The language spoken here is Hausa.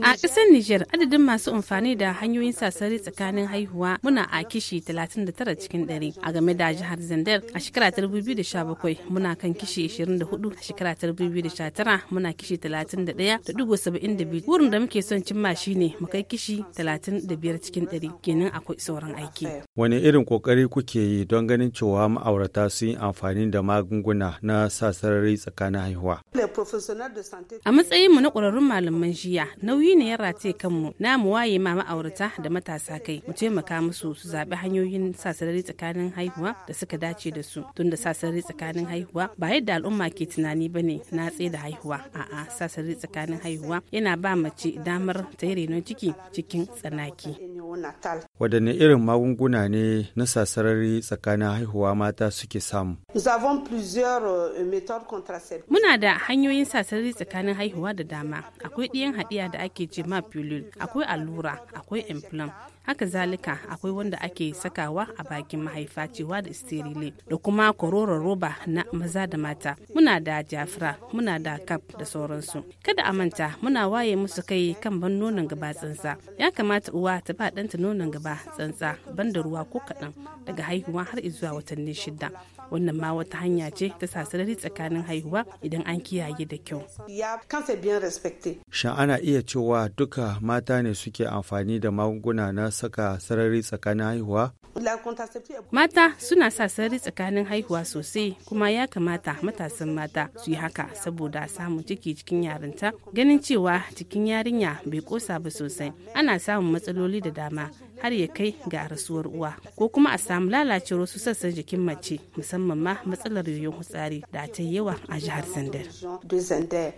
A ƙasar Nijar adadin masu amfani da hanyoyin sasari tsakanin haihuwa muna a kishi 39 cikin 100 a game da jihar Zandar a shekara 2017 muna kan kishi 24 a shekara 2019 muna kishi 31.72 wurin da muke son cimma shine mu kai kishi 35 cikin 100 kenan akwai sauran aiki. Wani irin kokari kuke yi don ganin cewa ma'aurata sun yi amfani da magunguna na sasarari tsakanin haihuwa? A matsayinmu na ƙwararrun malaman jiya nauyi nauyi ne ya rataye kanmu na mu waye ma ma'aurata da matasa kai mu taimaka musu su zaɓi hanyoyin sasarari tsakanin haihuwa da suka dace da su tunda sa sarari tsakanin haihuwa ba yadda al'umma ke tunani ba ne na tsaye da haihuwa a'a sa tsakanin haihuwa yana ba mace damar ta yi renon ciki cikin tsanaki. natal Wadanne irin magunguna ne na sasarari tsakanin haihuwa mata suke samu? Euh, Muna da hanyoyin sasarari tsakanin haihuwa da dama. Akwai ɗiyan haɗiya da ake ce ma pilul, akwai allura, akwai implant, haka zalika akwai wanda ake sakawa a bakin mahaifa cewa da sterile da kuma kororon roba na maza da mata muna da jafra muna da kap da sauransu kada a manta muna waye musu kai kan ban nonon gaba tsantsa ya kamata uwa ta ba ɗanta nonon gaba tsantsa ban da ruwa ko kaɗan daga haihuwa har zuwa watanni shida wannan ma wata hanya ce ta sasirari tsakanin haihuwa idan an kiyaye da kyau shan ana iya cewa duka mata ne suke amfani da magunguna na saka sarari tsakanin haihuwa? Mata suna sa sarari tsakanin haihuwa sosai kuma ya kamata matasan mata su yi haka saboda samun ciki cikin yarinta ganin cewa cikin yarinya bai kosa ba sosai ana samun matsaloli da dama har ya kai ga rasuwar uwa ko kuma a samu lalacewar wasu sassan jikin mace musamman ma matsalar yoyon hutsari da ta yawa a jihar Zandar.